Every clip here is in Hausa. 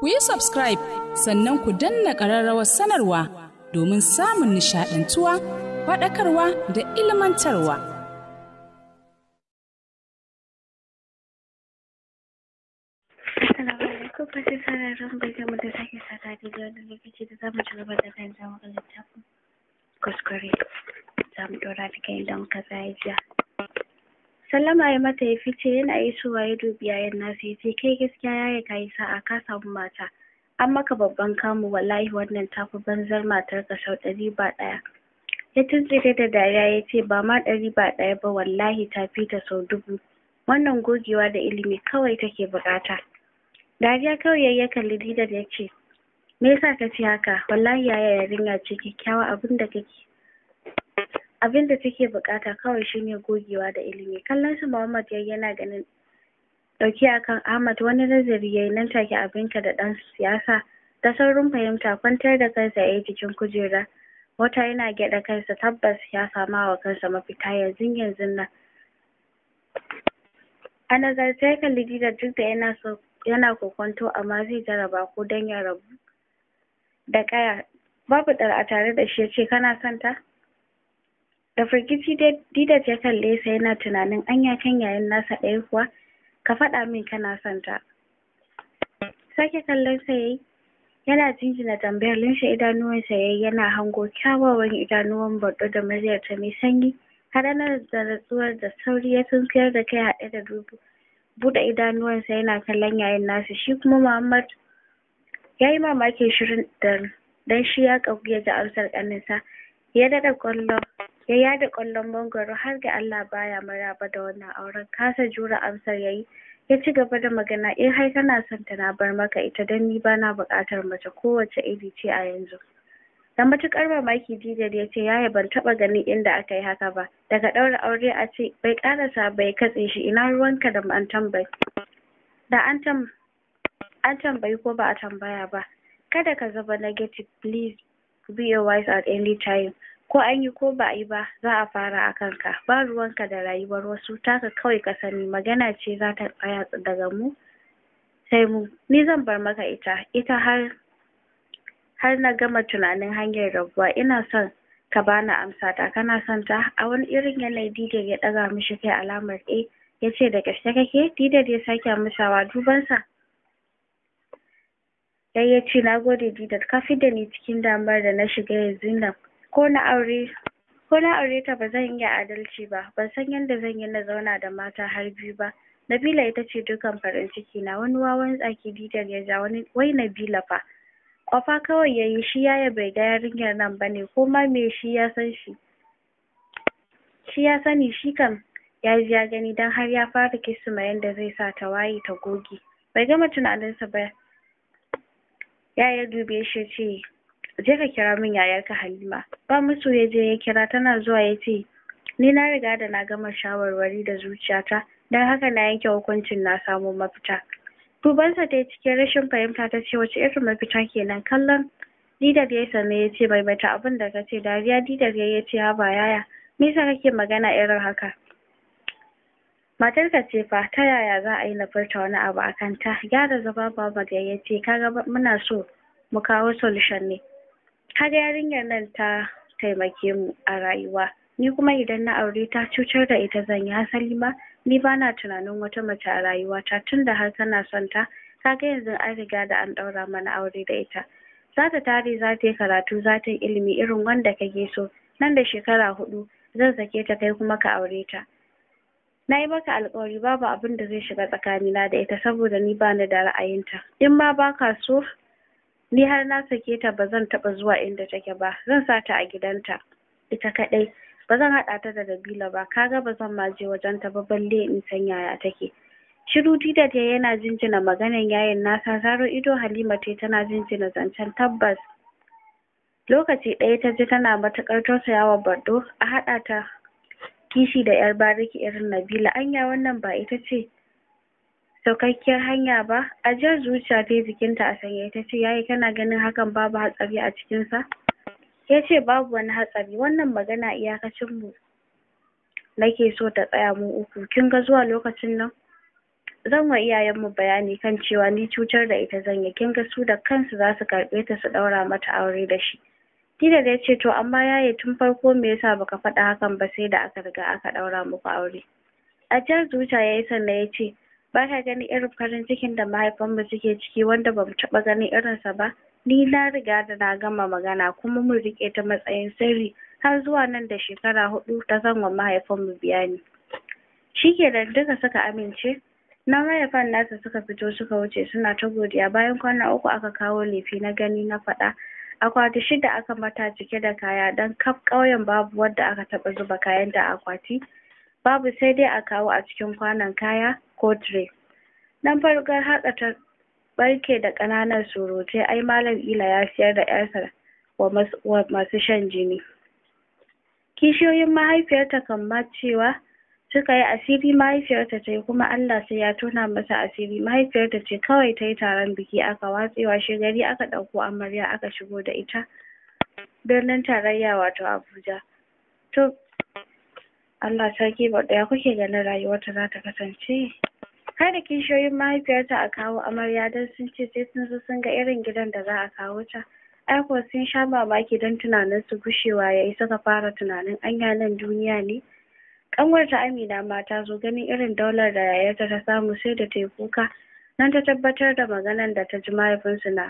ku yi subscribe sannan ku danna ƙararrawar sanarwa domin samun nishaɗantuwa faɗakarwa da ilmantarwa. lokacin sararin bai gama da sake sata da wani lokaci da za mu ci gaba da kan samun littafin kuskure za mu ɗora da kai don ka jiya sallama ya mata ya fice yana isowa ya dubi yayan nasa ya ce kai gaskiya yi ka yi sa'a ka samu mata an maka babban kamu wallahi wannan tafi banzar matar ka sau ɗari ba ɗaya ya tuntsire da dariya ya ce ba ma ɗari ba ɗaya ba wallahi ta fi ta sau dubu wannan gogewa da ilimi kawai take buƙata dariya kawai ya kalli didar ya ce me yasa ka ce haka wallahi yaya yarinya ce kyakkyawa abin da kake abinda take buƙata kawai shine gogewa da ilimi kallon su Muhammad yayi yana ganin ɗauke akan Ahmad wani nazari yayi nan take abinka da ɗan siyasa da saurin fahimta kwantar da kansa yayi jikin kujera wata yana gyaɗa kansa tabbas ya sama wa kansa mafita yanzu yanzun nan a nazarce ya kalli da duk da yana so yana kokonto amma zai jaraba ko don ya rabu da ƙaya babu ɗar a tare da shi yace kana son ta Da firgici Didat ya kalle sa yana tunanin anya kan yayin nasa ɗaya kuwa ka faɗa min kana son ta. Sake kallon sa yayi yana jinjina tambayar linshe sa yayi yana hango kyawawan idanuwan Bado da muryar ta mai sanyi har da natsuwar da sauri ya tunkuyar da kai haɗe da dubu buɗe idanuwansa yana kallon yayin nasa shi kuma Muhammad ya mamakin shirin da dan shi ya ƙagu ya ji amsar ƙaninsa ya daɗa ƙwallon ya yada ƙwallon mangwaro har ga Allah baya maraba da wannan auren kasa jura amsar yayi ya ci gaba da magana in eh, har kana son ta bar maka ita dan ni ba na buƙatar mace kowace iri ce a yanzu da matuƙar mamaki Dijar ya ce yaya ban taɓa ganin inda aka yi haka ba daga ɗaura aure a ce bai ƙarasa bai katse shi ina ruwanka da an tambayi da an an tambayi ko ba a tambaya ba kada ka zaba negative please be a wise at any time ko an yi ko ba a yi ba za a fara a kanka ba ruwanka da rayuwar wasu taka kawai ka sani magana ce za ta tsaya daga mu sai mu ni zan bar maka ita ita har har na gama tunanin hanyar rabuwa ina son ka bani amsa ta kana son ta a wani irin yanayi Didar ya ɗaga mishi kai alamar A eh, ya ce da ƙarshe kake Didar ya sake amsawa dubansa Yayyaci na gode Didar ka fi da ni cikin damar da na shiga yanzun nan ko na aure ko na aure ta ba zan iya adalci ba ban san yadda zan yi na zauna da mata har biyu ba Nabila ita ce dukan farin ciki na wani wawan tsaki Didar ya ja wani wai Nabila fa kwafa kawai yayi shi yaya bai ga yarinyar nan ne, ko ma me shi ya san shi shi ya sani shi kam ya ji ya gani dan har ya fara kisima yadda zai sa ta waye ta goge bai gama tunaninsa ba yaya dube shi ya ce je ka kira min yayarka halima ba musu ya je ya kira tana zuwa ya ce ni na riga da na gama shawarwari da zuciyata dan haka na yanke hukuncin na samu mafita dubansa ta cikin rashin fahimta ta ce wace irin mafita kenan kallon didar ya sanne ya ce maimaita abin da ka ce dariya didar ya ce ba yaya me yasa kake magana irin haka matarka ce fa ta yaya za a yi na furta wani abu a kanta gyara zama ba magana ya ce kaga muna so mu kawo solution ne har yarinyar nan ta taimake mu a rayuwa ni kuma idan na aure ta cutar da ita zan yi hasali ma ni bana tunanin wata mace a rayuwa rayuwata tunda har tana son ta kaga yanzu an riga da an ɗaura mana aure da ita Zata ta tare za yi karatu za yi ilimi irin wanda kake so nan da shekara huɗu zan sake ta kai kuma ka aure ta na yi maka alkawari babu abin da zai shiga tsakanina da ita saboda ni ba ni da ra'ayinta in ma ba ka so ni har na sake ta ba zan taɓa zuwa inda take ba zan sa ta a gidanta ita kaɗai ba zan haɗa ta da Nabila ba kaga ba zan ma je wajen ta ba balle in san yaya take shiru Dida ta yana jinjina maganan yayin nasa zaro ido Halima ta tana jinjina zancen tabbas lokaci ɗaya ta ji tana matuƙar tausayawa Bardo a haɗa ta kishi da yar bariki irin Nabila anya wannan ba ita ce saukakkiyar hanya ba ajiyar zuciya ta yi jikinta a sanye ta ce yayi kana ganin hakan babu hatsari a cikinsa ya ce babu wani hatsari wannan magana iyakacin mu nake so ta tsaya mu uku kin ga zuwa lokacin nan zan wa iyayenmu bayani kan cewa ni cutar da ita zan yi kin ga su da kansu za su karɓe ta su ɗaura mata aure da shi Dida da ya ce to amma yaye tun farko me yasa baka faɗa hakan ba sai da aka riga aka ɗaura muku aure ajiyar zuciya ya yi sannan ya ce ba ka ganin irin farin cikin da mahaifanmu suke ciki wanda ba mu taɓa ganin irinsa ba ni na riga da na gama magana kuma mun riƙe ta matsayin sirri har zuwa nan da shekara hudu ta zanwa mahaifanmu bayani da duka suka amince na mahaifan nasa suka fito suka wuce suna ta godiya bayan kwana uku aka kawo lefi na gani na faɗa akwati shida aka mata cike da kaya don kaf ƙauyen babu wadda aka taɓa zuba ta a akwati babu sai dai a kawo a cikin kwanon kaya ko tire nan farkon haka ta barke da ƙananan surutai ai malam ila ya siyar da ƴarsa wa masu shan jini kishiyoyin mahaifiyarta kan cewa suka yi asiri mahaifiyarta ta yi kuma Allah sai ya tona masa asiri mahaifiyarta ce kawai ta yi taron biki aka watsewa shi gari aka ɗauko amarya aka shigo da ita birnin tarayya wato Abuja to Allah sarki ba ɗaya kuke ganin rayuwarta za ta kasance Har da kishiyoyin mahaifiyarta a kawo amarya don sun ce sai sun zo sun ga irin gidan da za a kawo ta ai kuwa sun sha mamaki don tunanin su gushewa yi suka fara tunanin anya nan duniya ne ƙanwarta amina ma ta zo ganin irin daular da yayarta ta samu sai da ta yi kuka nan ta tabbatar da maganar da ta ji mahaifinsu na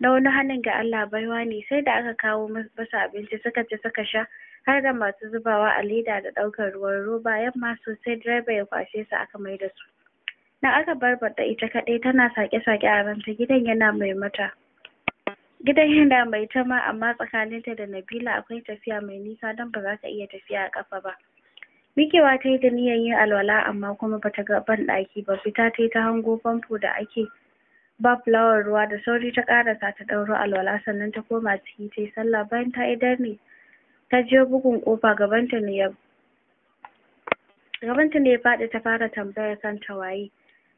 na wani hannun ga Allah baiwa ne sai da aka kawo masa abinci suka ci suka sha har da masu zubawa a leda da ɗaukar ruwan roba yamma sosai direba ya kwashe su aka mai da su na aka barbaɗa ita kaɗai tana sake-sake a ranta gidan yana mai mata gidan yana mai ta ma amma tsakaninta da Nabila akwai tafiya mai nisa don ba za ta iya tafiya a ƙafa ba mikewa ta yi da niyyar yin alwala amma kuma bata ga ban ɗaki ba fita ta yi ta hango famfo da ake ba fulawar ruwa da sauri ta ƙarasa ta ɗauro alwala sannan ta koma ciki ta yi sallah bayan ta idar ne ta jiyo bugun ƙofa gabanta ne ya gabanta ne ya faɗi ta fara tambayar kanta waye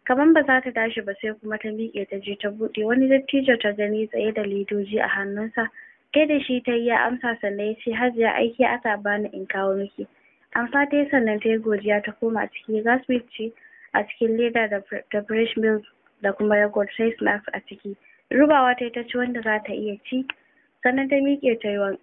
kaman ba za ta tashi ba sai kuma ta miƙe ta je ta buɗe wani dattijo ta gani tsaye da ledoji a hannunsa kai da shi ta yi ya amsa sannan ya ce hajiya aiki aka bani in kawo miki amsa ta yi sannan ta godiya ta koma ciki gas ce a cikin leda da fresh milk da kuma yogurt sai snacks a ciki rubawa ta ita ci wanda za ta iya ci sannan ta miƙe ta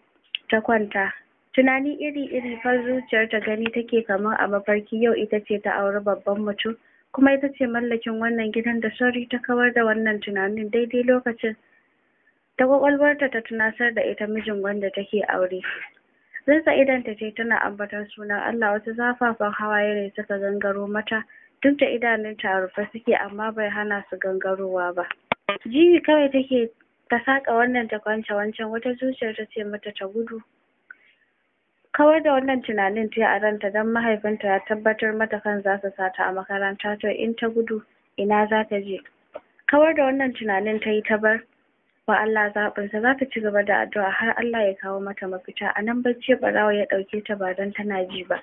ta kwanta tunani iri-iri far zuciyar ta gani take kamar a mafarki yau ita ce ta auri babban mutum kuma ita ce mallakin wannan gidan da sauri ta kawar da wannan tunanin daidai lokacin ta kwakwalwarta ta tunasar da ita mijin wanda take aure rinsa ta ce tana ambatar sunan Allah wasu zafafan hawaye ne suka gangaro mata duk da idanunta a rufe suke amma bai hana su gangarowa ba jibi kawai take ta saka wannan ta kwance wancan wata zuciyar ta ce mata ta gudu kawar da wannan tunanin ta a ranta don mahaifinta ya tabbatar mata kan za su sata a makaranta to in ta gudu ina za ta je kawar da wannan tunanin ta yi ta bar wa Allah zaɓinsa za ta ci gaba da addu'a har Allah ya kawo mata mafita a nan bacci barawo ya ɗauke ta ba don tana ji ba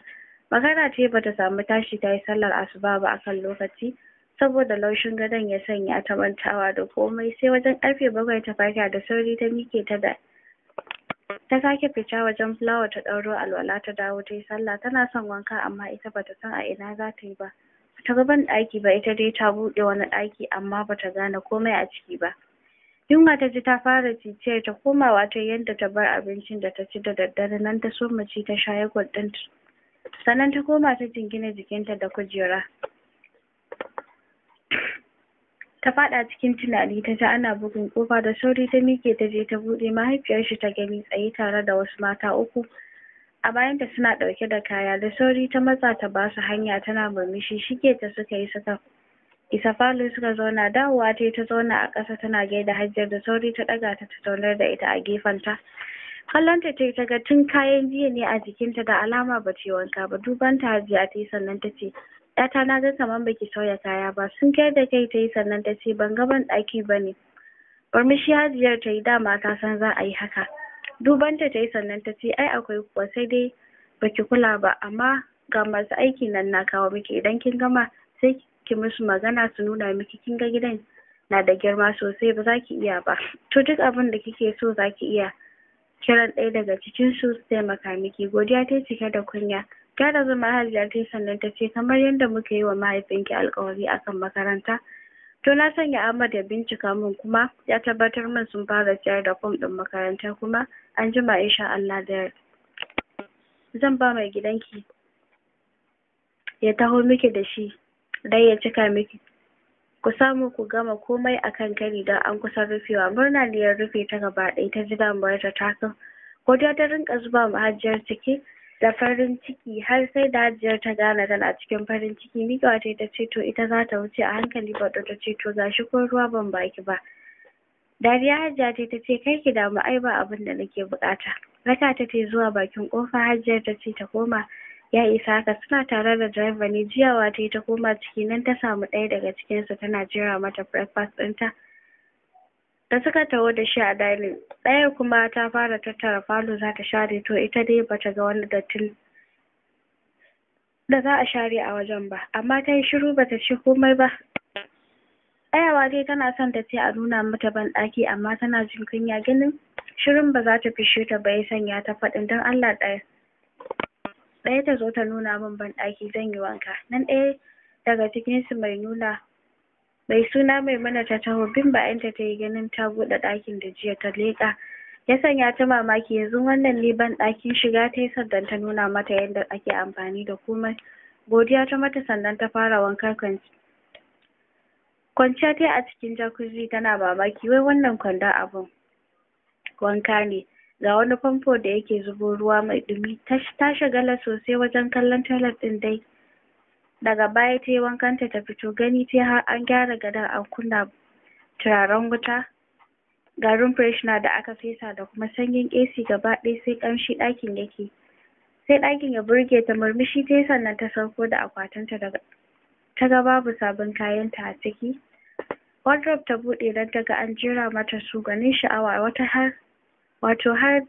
magana ce bata samu tashi ta yi sallar asuba ba a kan lokaci saboda laushin gadon ya sanya ta mantawa da komai sai wajen karfe bakwai ta fara da sauri ta miƙe ta da ta sake fita wajen fulawa ta ɗauro alwala ta dawo tayi sallah tana son wanka amma ita bata san a ina za ta yi ba ta ga ban ɗaki ba ita dai ta buɗe wani ɗaki amma bata gane komai a ciki ba yunwa ta ji ta fara ciciyar ta komawa ta yanda ta bar abincin da ta ci da daddare nan ta soma ci ta sha gwal ɗin sannan ta koma ta jingina jikinta da kujera ta faɗa cikin tunani ta ji ana bugun ƙofa da sauri ta miƙe ta je ta buɗe mahaifiyar shi ta gani tsaye tare da wasu mata uku a bayan bayanta suna ɗauke da kaya da sauri ta matsa ta basu hanya tana murmushi shige ta suka yi suka isa falo suka zauna dawowa ta ta zauna a ƙasa tana gaida hajjar da sauri ta ɗaga ta ta da ita a gefenta kallonta ce ta ga tun kayan jiya ne a jikinta da alama ba ce wanka ba duban ta hajiya ta yi sannan ta ce yata na ga kamar baki sauya kaya ba sun kai da kai ta yi sannan ta ce ban ga ban ɗaki ba ne barmishi hajiyar ta yi dama ta san za a yi haka duban ta ta yi sannan ta ce ai akwai kuwa sai dai baki kula ba amma ga masu aiki nan na kawo miki idan kin gama sai ki musu magana su nuna miki kin ga gidan na da girma sosai ba za ki iya ba to duk abin da kike so za ki iya kiran ɗaya daga cikin su su godiya ta cike da kunya gyara zama hajiya ta sannan ta ce kamar yadda muka yi wa mahaifinki alkawari akan makaranta to na sanya Ahmad ya bincika min kuma ya tabbatar min sun fara siyar da fom ɗin makaranta kuma an jima insha Allah da zan ba mai gidanki ya taho miki da shi dai ya cika miki ku samu ku gama komai akan kari don an kusa rufewa murna ne ya rufe ta gaba ɗaya ta ji damuwar ta taso godiya ta rinka zuba ma hajiyar ciki da farin ciki har sai da hajiyar ta gane tana cikin farin ciki miƙawa ta ta ce to ita za ta wuce a hankali baɗo ta ce to gashi ko ruwa ban baki ba dariya hajiya ta ta ce kai ki damu ai ba abin da nake buƙata raka ta ta zuwa bakin ƙofa hajiyar ta ce ta koma ya isa haka suna tare da direba ne jiya wata ta koma ciki nan ta samu ɗaya daga cikinsu tana jera mata breakfast ɗinta da suka taho da shi a dining ɗaya kuma ta fara tattara falo za ta share to ita dai bata ga wani dattin da za a share a wajen ba amma ta yi shiru bata ci komai ba tsayawa dai tana son ta ce a nuna mata ban ɗaki amma tana jin kunya ganin shirin ba za ta fishe ta ba ya sanya ta faɗin don Allah ɗaya ɗaya ta zo ta nuna min banɗaki zan yi wanka nan ɗaya daga cikinsu mai nuna mai suna maimuna ta taho bin bayanta ta yi ganin ta buɗe ɗakin da jiya ta leƙa ya sanya ta mamaki yanzu wannan ne banɗakin shiga ta yi sannan ta nuna mata yadda ake amfani da komai godiya ta mata sannan ta fara wanka kwanciya ta yi a cikin jacuzzi tana mamaki wai wannan kwandon abin wanka ne ga wani famfo da yake zubo ruwa mai ɗumi ta shagala sosai wajen kallon toilet ɗin dai daga baya tayi wankan ta ta fito gani ta har an gyara gadon an kunna turaren wuta garin freshener da aka fesa da kuma sanyin AC gaba ɗaya sai ƙamshi ɗakin yake sai ɗakin ya burge ta murmushi tayi sannan ta sauko da akwatinta daga ta ga babu sabon kayan ta a ciki wardrobe ta buɗe don ta ga an jera mata su ganin sha'awa wata har wato har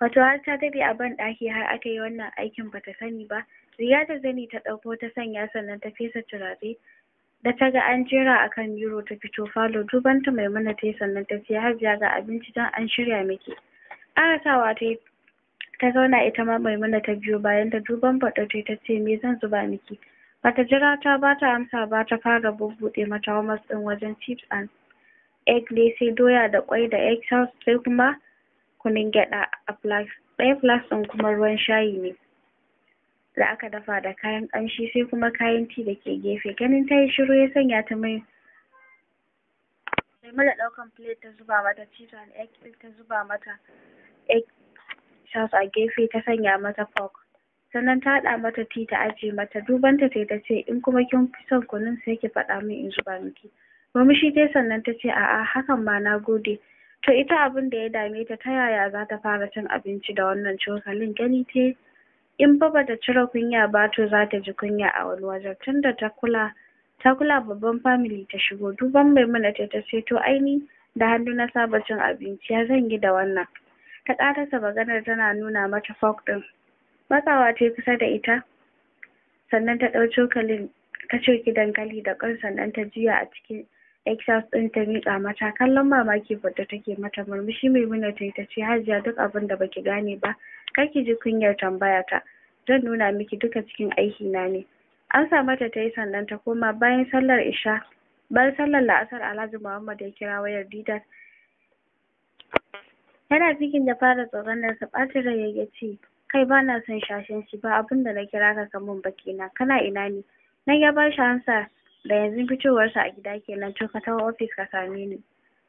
wato har ta daɗe a banɗaki har aka yi wannan aikin bata sani ba riga da zani ta ɗauko ta sanya sannan ta fesa turare da ta ga an jera a kan biro ta fito falo duban ta maimuna ta yi sannan ta ce hajiya ga abinci don an shirya miki ƙarasawa ta yi ta zauna ita ma maimuna ta biyo bayan ta duban baɗo ta ta ce me zan zuba miki bata jira ta bata amsa ba ta fara bubbuɗe mata wamas ɗin wajen chips and egg ne sai doya da ƙwai da egg sauce sai kuma kunun gyaɗa a flask ɗaya flask ɗin kuma ruwan shayi ne da aka dafa da kayan ƙamshi sai kuma kayan tea da ke gefe ganin tayi shiru ya sanya ta mai Maimuna ɗaukan plate ta zuba mata cheese and egg ɗin ta zuba mata egg sauce a gefe ta sanya mata pork sannan ta haɗa mata tea ta ajiye mata duban ta tayi ta ce in kuma kin fi son kunun sai ki faɗa min in zuba miki Murmushi ta sannan ta ce a'a hakan ba na gode. To ita abin da ya dame ta ta yaya za ta fara cin abinci da wannan cokalin gani ta in fa bata cire kunya ba to za ta ji kunya a wani wajen tunda ta kula ta kula babban family ta shigo duban maimuna ta ta ce to aini da hannu na saba cin abinci ya zan yi da wannan ta ƙarasa maganar tana nuna mata fork ɗin matsawa ta kusa da ita sannan ta ɗau cokalin ta ki dankali da ƙwan sannan ta juya a cikin Exas ɗin ta miƙa mata kallon mamaki wadda take mata murmushi mai muna yi ta ce Hajiya duk abin da baki gane ba kar ki ji kunyar tambaya ta zan nuna miki duka cikin aiki na ne amsa mata ta yi sannan ta koma bayan sallar isha bayan sallar la'asar Alhaji Muhammad ya kira wayar Didat yana cikin da fara tsoron sa ɓacin rai ya ce kai ba na son shashanci ba abin da na kira ka ka mun ba kana ina ne na ya ba shi hansa da yanzu fitowarsa a gida kenan to ka tawo ofis ka same ni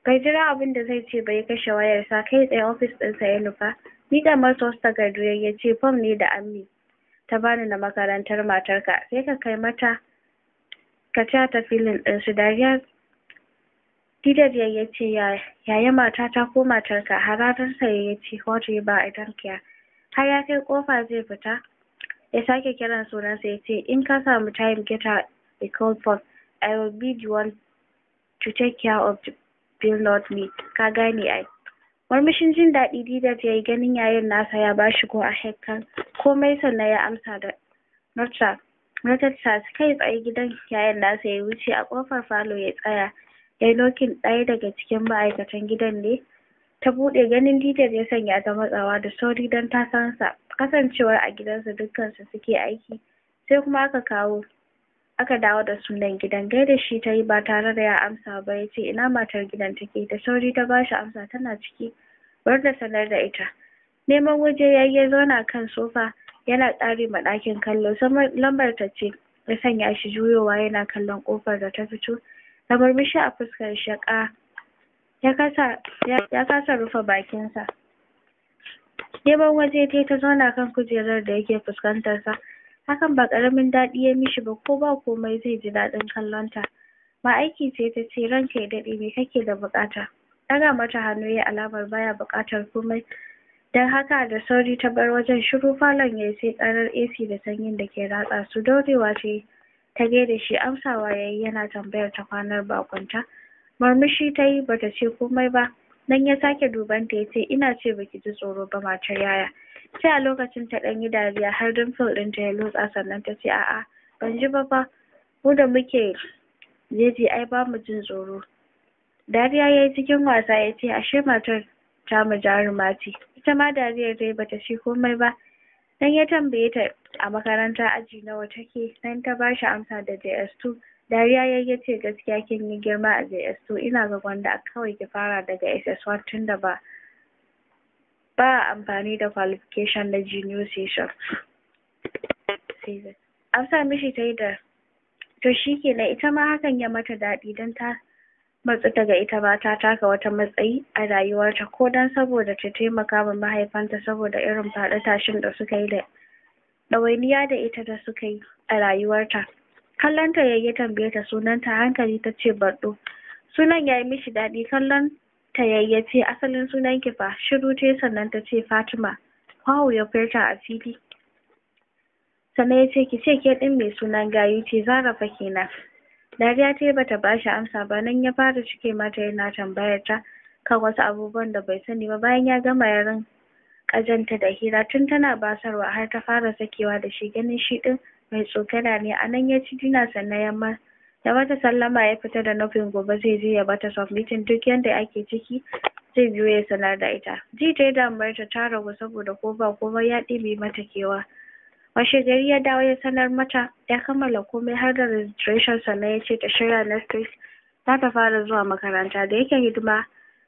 bai jira abin da zai ce bai kashe wayarsa kai tsaye ofis ɗinsa ya nufa Ni miƙa masa wasu takardu ya ce fom ne da ammi ta bani na makarantar matarka sai ka kai mata ka ci ta filin ɗinsu dariya Didar ya ce yaya matata ko matarka hararsa ya ce whatever ba a care har ya kai kofa zai fita ya sake kiran sunansa ya ce in ka samu time get a call for I will be the one to take care of the bill not me ka gane ai murmushin jin daɗi Didat ya yi ganin yayin nasa ya ba shi ko a hekkan komai sannan ya amsa da Nurta Nurta kai tsaye gidan yayin nasa ya wuce a ƙofar falo ya tsaya ya yi lokin ɗaya daga cikin ma'aikatan gidan ne ta buɗe ganin Didat ya sanya ta matsawa da sauri don ta san sa kasancewar a gidansa dukkansu suke aiki sai kuma aka kawo aka dawo da sunan gidan gaida shi ta yi ba tare da ya amsa ba ya ce ina matar gidan take da sauri ta bashi amsa tana ciki bar da sanar da ita neman waje ya yi zauna kan sofa yana tsari ma ɗakin kallo lambar ta ce ya sanya shi juyowa yana kallon ƙofar da ta fito da murmushi a fuskar shaƙa ya kasa ya kasa rufe bakinsa neman waje ta ta zauna kan kujerar da yake fuskantarsa hakan ba ƙaramin daɗi ya mishi ba ko ba komai zai ji daɗin kallon ta ba aiki ce ta ce ranka ya daɗe me kake da buƙata ɗaga mata hannu yayi alamar baya buƙatar komai don haka da sauri ta bar wajen shiru falon yayi sai ƙarar AC da sanyin da ke ratsa su daurewa ce ta gaida shi amsawa yayi yana tambayar ta kwanar bakonta murmushi ta yi bata ce komai ba Nan ya sake dubanta ya ce, Ina ce baki ji tsoro ba matar yaya. Sai a lokacin ta ɗan yi dariya har ɗin ta ya lotsa sannan ta ce, A'a, ban ji ba fa. Mu da muke jeji ai bamu mu jin tsoro. Dariya ya yi cikin wasa ya ce, Ashe matar ta mu jaruma ce. Ita ma dariyar dai bata ci komai ba. Nan ya tambaye ta a makaranta aji nawa take, nan ta bashi amsa da JS2. Dariya ya yi gaskiya kin yi girma a JS2 ina ga gwanda kawai ki fara daga SS1 tunda ba ba a amfani da qualification na junior session. sa mishi ta yi da to shi kenan ita ma hakan ya mata daɗi don ta matsu daga ita ba ta taka wata matsayi a rayuwarta ko don saboda ta taimaka ma mahaifanta saboda irin faɗi tashin da suka yi da ɗawainiya da ita da suka yi a rayuwarta. kallonta yayi ya tambaye ta sunanta hankali ta ce baɗo sunan yayi mishi daɗi kallon ta yayi ce asalin sunan ki fa shiru ce sannan ta ce fatima kwawo ya furta a fili sannan ya ce ki ce ke ɗin mai sunan gayu ce zarafa kenan dariya ta bata bashi amsa ba nan ya fara cike mata yana tambayar ta kan wasu abubuwan da bai sani ba bayan ya gama yaran kajanta da hira tun tana basarwa har ta fara sakewa da shi ganin shi ɗin mai tsokana ne a nan ya ci dina sannan ya ma ya mata sallama ya fita da nufin gobe zai je ya bata submitting duk yanda ake ciki zai biyo ya sanar da ita ji ta yi damar ta ta ragu saboda ko ba komai ya ɗebe mata kewa washe gari ya dawo ya sanar mata ya kammala komai har da registration sannan ya ce ta shirya next week za ta fara zuwa makaranta da yake hidima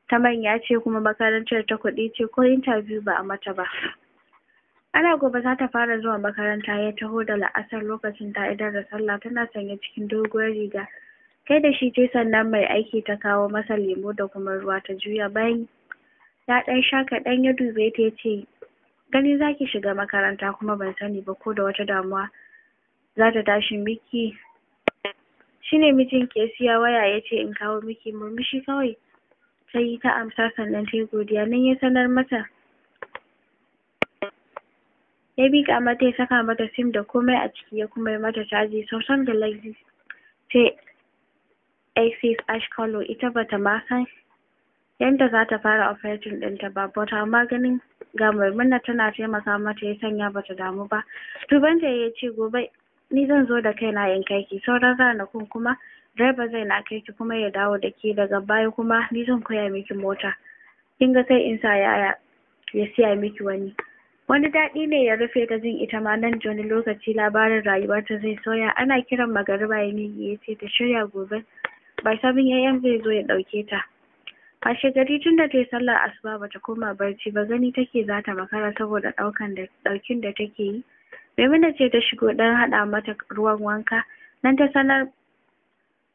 ta manya ce kuma makarantar ta kuɗi ce ko interview ba a mata ba Ana gobe za ta fara zuwa makaranta ya taho da la'asar lokacin ta idar da sallah tana sanye cikin doguwar riga kai da shi tai sannan mai aiki ta kawo masa lemo da kuma ruwa ta juya bayan ya ɗan sha kaɗan ya dube ta ya ce gani za ki shiga makaranta kuma ban sani ba ko da wata damuwa za ta tashi miki Shi ne mijin ke siya waya ya ce in kawo miki murmushi kawai ta yi ta amsa sannan ta yi godiya nan ya sanar mata ya miƙa mata ya saka mata sim da komai a ciki ya kuma yi mata caji sosan galaxy sai axis ash color ita bata ma san yadda za ta fara operating ɗinta ba bata amma ganin ga maimuna tana taimaka mata ya sanya bata damu ba tubanta ya ce gobe ni zan zo da kaina in kai ki sauran ranakun kuma direba zai na kai ki kuma ya dawo da ke daga baya kuma ni zan koya miki mota kin ga sai in sa yaya ya siya miki wani Wani daɗi ne ya rufe ta jin ita ma nan da lokaci labarin rayuwarta zai sauya. Ana kiran magariba ya miƙe ya ce ta shirya gobe ba sabon 'ya'yan zai zo ya ɗauke ta. Washe gari tun da tayi sallar asuba bata koma barci ba gani take za ta makara saboda ɗaukan da ɗaukin da take yi. Maimuna ce ta shigo don haɗa mata ruwan wanka nan ta sanar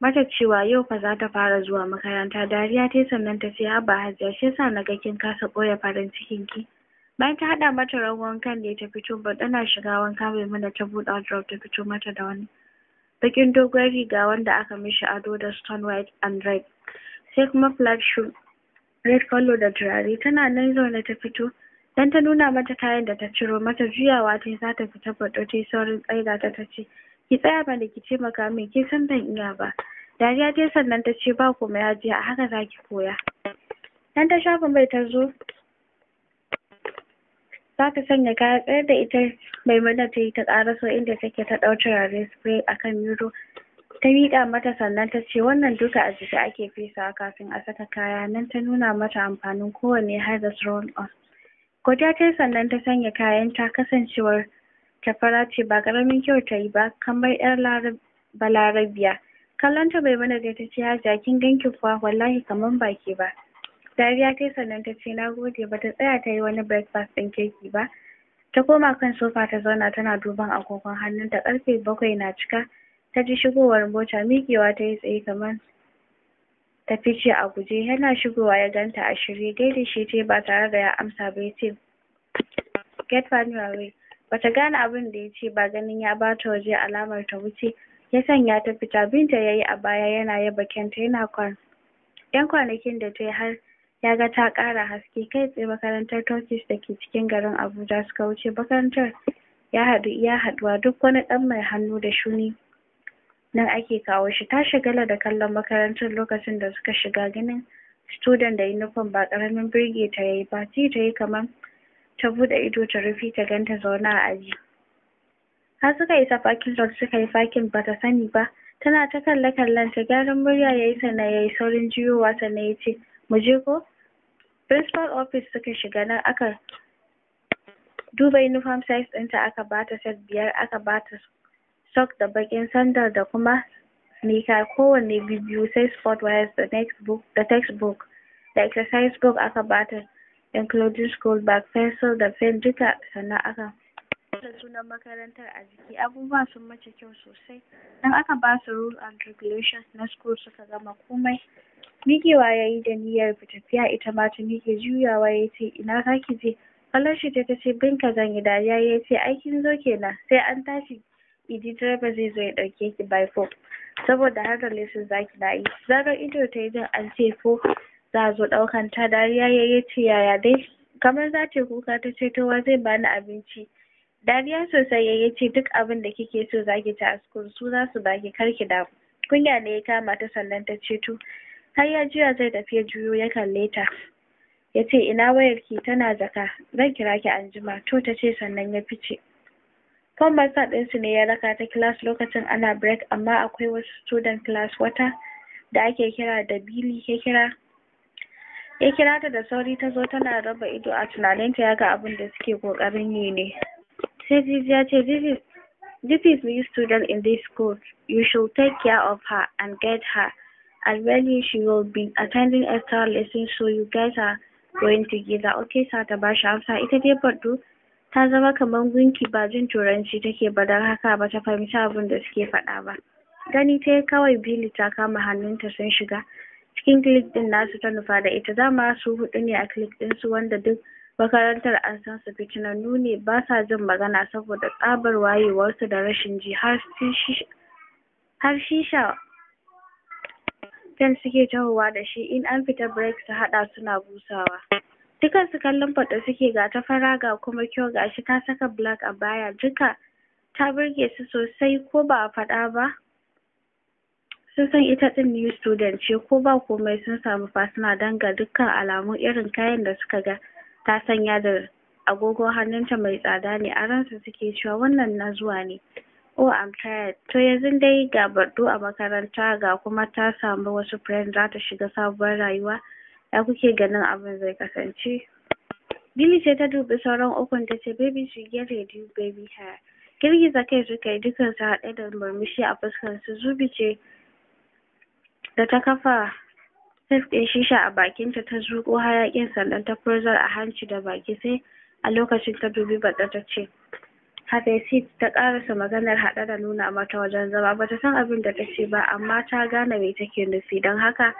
mata cewa yau fa za ta fara zuwa makaranta. Dariya tayi sannan ta ce haba Hajiya shi yasa na ga kin kasa ɓoye farin cikin ki. bayan ta haɗa mata ruwan kan da ta fito ba tana shiga wanka mana ta buɗe wardrobe ta fito mata da wani baƙin dogon riga wanda aka mishi ado da stone white and red sai kuma flat shoe red color da turare tana nan zaune ta fito dan ta nuna mata kayan da ta ciro mata juyawa ta za ta fita baɗo ta saurin tsaida ta ta ce ki tsaya da ki taimaka min kin san ban iya ba dariya ta sannan ta ce ba komai ya je a haka za ki koya dan ta shafa mai ta zo za sanya kaya tsayar da ita mana ta yi ta ƙaraso inda take ta ɗau turare spray a kan ta miƙa mata sannan ta ce wannan duka a jiki ake fesawa kafin a saka kaya nan ta nuna mata amfanin kowanne har da roll on godiya ta yi sannan ta sanya kayan ta kasancewar ta fara ce ba ƙaramin kyau ta yi ba kamar 'yar balarabiya kallon ta mana dai ta ce hajiya kin ki kuwa wallahi kamar baki ba Dariya ta sannan tace na gode ba ta tsaya tayi wani breakfast ɗin kirki ba. Ta koma kan sofa ta zauna tana duban agogon hannun ta karfe bakwai na cika. taji shigowar mota miƙewa tayi tsaye kamar ta fice a guje yana shigowa ya ganta a shirye daidai shi ce ba tare da ya amsa ba yace ce get your way. bata gane abin da ya ba ganin ya bata waje alamar ta wuce ya sanya ta fita binta yayi a baya yana yaba kyanta yana kwan yan kwanakin da tayi har ya ga ta ƙara haske kai tsaye makarantar Turkish da ke cikin garin Abuja suka wuce makarantar ya haɗu iya haɗuwa duk wani ɗan mai hannu da shuni nan ake kawo shi ta shagala da kallon makarantar lokacin da suka shiga ganin student da uniform ba ƙaramin birge ta yayi ba ji ta yi kamar ta buɗe ido ta rufe ta ganta zaune a aji har suka isa parking lot suka yi parking bata sani ba tana ta kalle kallon ta gyaran murya yayi sannan yayi saurin juyowa sannan ya ce mu je ko Principal office suka shiga nan aka duba uniform size ɗinta aka bata set biyar aka bata sock da baƙin sandal da kuma sneaker kowanne biyu sai sport wires da textbook da textbook da exercise book aka bata including school bag pencil da pen duka sannan aka da sunan makarantar a jiki abubuwa sun mace kyau sosai don aka basu rules and regulation na school suka gama komai Miƙewa ya yi da niyyar tafiya ita ma ta miƙe juyawa ya ce ina za ki je. Kallon shi ta ce binka zan yi dariya ya ce ai kin zo kenan sai an tashi idi direba zai zo ya ɗauke ki by four. Saboda harkar lesson za ki na yi. Zarar ido ta yi jin an ce ko za a zo ɗaukan ta dariya ya yi ce yaya dai. Kamar za ta kuka ta ce to wa zai bani abinci. Dariya sosai ya yi ce duk abin da kike so za ki ci a su za su baki kar ki damu. Kunya ne ya kama ta sannan ta ce to Har ya juya zai tafi ya juyo ya kalle ta. Ya ce ina wayarki tana jaka, zan kira ki anjima, to ta ce sannan ya fice. Kwambasan ɗinsu ne ya raka ta class lokacin ana break amma akwai wasu student class wata da ake kira da Billy ke kira ya kira ta da sauri ta zo tana raba ido a tunaninta ya ga abin da suke ƙoƙarin yi ne. Sai Zizi ya ce, This is new student in this school. You should take care of her and get her I value she will be attending extra lesson so you guys are going together. Okay, sa ta bashi amsa. Ita dai Baddu ta zama kamar gunki ba jin turanci take ba don haka ba ta fahimci abin da suke faɗa ba. Gani ta kawai bili ta kama hannunta sun shiga. Cikin click din nasu ta nufa da ita dama su huɗu ne a click din su wanda duk makarantar an san su fitinannu ne ba sa jin magana saboda tsabar wayewarsu da rashin ji har shisha bel suke tahowa da shi in an fita break su haɗa suna busawa su kallon faɗo suke ga ta fara ga kuma kyau ga shi ta saka black a baya duka ta burge su sosai ko ba a faɗa ba sun san ita ɗin new student ce ko ba komai sun samu fasina don ga dukkan alamu irin kayan da suka ga ta sanya da agogon hannunta mai tsada ne a ransa suke cewa wannan na zuwa ne Oh, I'm tired. To yanzu dai ga Bardo a makaranta ga kuma ta samu wasu friend za ta shiga sabuwar rayuwa. Ya kuke ganin abin zai kasance? Billy ce ta dubi sauran ukun ta ce baby su get ready baby hair. Girgiza kai suka yi dukansu haɗe da murmushi a su Zubi ce da ta kafa Sif shisha a bakinta ta zuƙo hayaƙin sannan ta furzar a hanci da baki sai a lokacin ta dubi baɗa ta ce ce ta karasa maganar haɗe da nuna mata wajen zama bata san abin da tace ba amma ta gane me take nufi don haka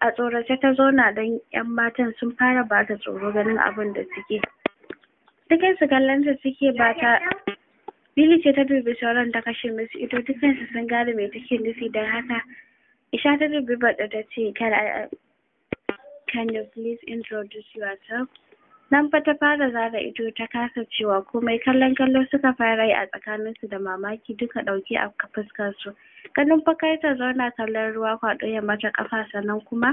a tsorace ta zauna don 'yan matan sun fara bata tsoro ganin abin da suke. Dukan su kallon ta suke ba ta Lili ce ta dubi sauran ta kashe musu ido dukan su sun gane me take nufi don haka Isha ta dubi baɗa ta ce can uh, can you please introduce yourself Nan fa ta fara zara ido ta kasa cewa komai kallon kallo suka fara yi a tsakaninsu da mamaki duka ɗauke a fuskar su. Ganin fa kai ta zauna kallon ruwa kwado ya mata kafa sannan kuma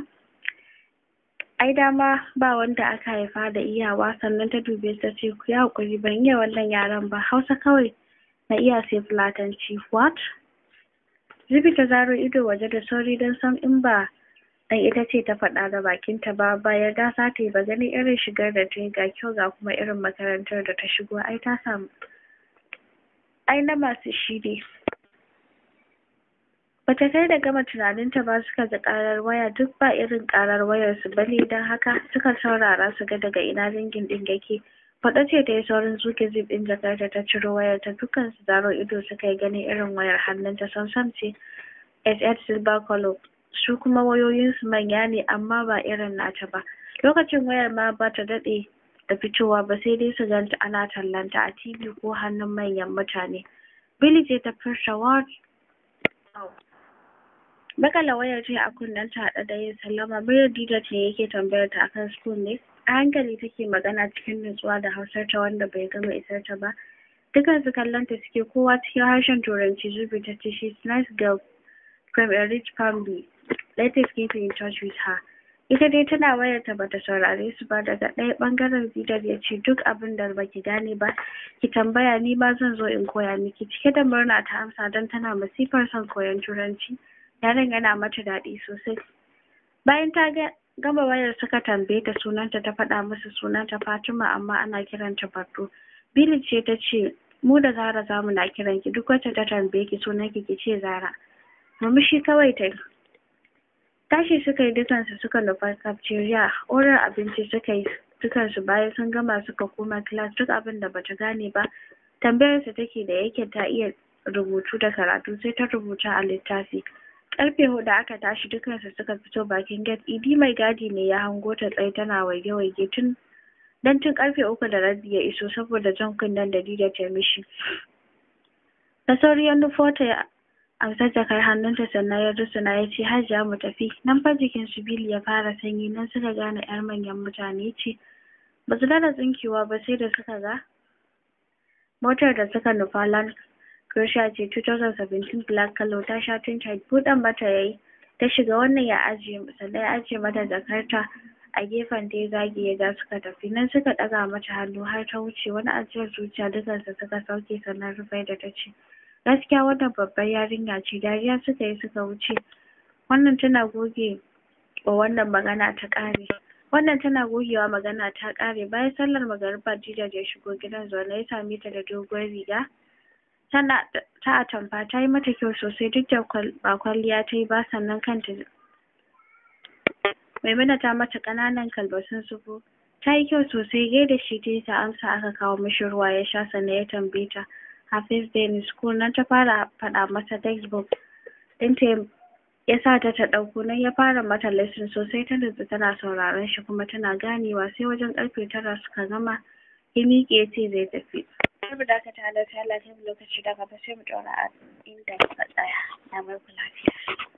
ai dama ba wanda aka haifa da iyawa sannan ta dube ta ce ku yi hakuri ban iya wannan yaran ba Hausa kawai na iya sai Fulatanci what? Zubi ta zaro ido waje da sauri don san in ba dan ita ce ta faɗa da bakinta ba ba yarda za ta yi ba ganin irin shigar da ta ga kyau ga kuma irin makarantar da ta shigo ai ta samu ai na masu shi ne bata kai da gama tunaninta ba suka ji karar waya duk ba irin karar wayar su ne, don haka suka saurara su ga daga ina dangin din yake faɗa ce ta yi saurin zuke zip ɗin jakarta ta ciro wayar ta dukkan su zaro ido suka yi ganin irin wayar sam ta ce ss silver Colour su kuma wayoyinsu manya ne amma ba irin nata ba lokacin wayar ma ba ta daɗe da fitowa ba sai dai su ganta ana tallanta a TV ko hannun manyan mutane Billy ce ta furta what Bakala wayar ce a kunnen ta haɗa da yin sallama bayan Dida ce yake tambayar ta akan school ne a hankali take magana cikin nutsuwa da hausar ta wanda bai gama isar ta ba dukan su kallonta suke kowa cikin harshen turanci zubi ta ce she's nice girl from a rich family Lateef gefen touch with her. Ita dai tana wayarta bata saurare su ba daga ɗaya ɓangaren Zidar ya ce duk abin da baki gane ba ki tambaya ni ma zan zo in koya miki cike da murna ta amsa don tana masifar son koyon turanci yaren yana mata daɗi sosai. Bayan ta ga gama wayar suka tambaye ta sunanta ta faɗa musu sunanta Fatima amma ana kiranta Badru. Billy ce ta ce mu da Zara za mu na kiranki duk wacce ta tambaye ki sunanki ki ce Zara. mamushi kawai ta yi. tashi suka yi dukansu suka nufa cafeteria orar abinci suka yi dukansu bayan sun gama suka koma class duk abin da bata gane ba tambayarsa take da yake ta iya rubutu da karatu sai ta rubuta a littafi karfe hudu aka tashi dukansu suka fito bakin gate idi mai gadi ne ya hango ta tsaye tana waige-waige tun don tun karfe uku da rabi ya iso saboda jan kunnen da Dida ta mishi. Da sauri ya nufo ta Amsar jakar hannunta sannan ya rusuna ya ce Hajiya mu tafi. Nan fa jikin Shibili ya fara sanyi nan suka gane ƴar manyan mutane ce. Ba su tsinkewa ba sai da suka ga motar da suka nufa Land Cruiser ce 2017 Black Color ta sha tun buɗan mata yayi. Ta shiga wannan ya ajiye sannan ya ajiye mata jakarta a gefen da ya zage ya ja suka tafi nan suka ɗaga mata hannu har ta wuce wani ajiyar zuciya dukansu suka sauke sannan da ta ce gaskiya wannan babbar yarinya ce dariya suka yi suka wuce wannan tana goge wa wannan magana ta ƙare wannan tana gogewa magana ta ƙare bayan sallar magariba Jidar ya shigo gidan zaune ya same ta da doguwar riga tana ta atamfa ta yi mata kyau sosai duk da ba kwalliya ta yi ba sannan kanta Maimuna ta mata ƙananan kalbasun sufu ta yi kyau sosai shi da shi ta amsa aka kawo mishi ruwa ya sha sannan ya tambaye ta Hafiz Danish School nan ta fara faɗa mata textbook ɗinta ya sa ta ta ɗauko nan ya fara mata lesson sosai ta nutsu tana sauraron shi kuma tana ganewa sai wajen ƙarfe tara suka gama ya miƙe ya ce zai tafi. Babu mu aka tana ta mu lokaci daga ba sai mu ɗora a inda muka tsaya. Na ku lafiya.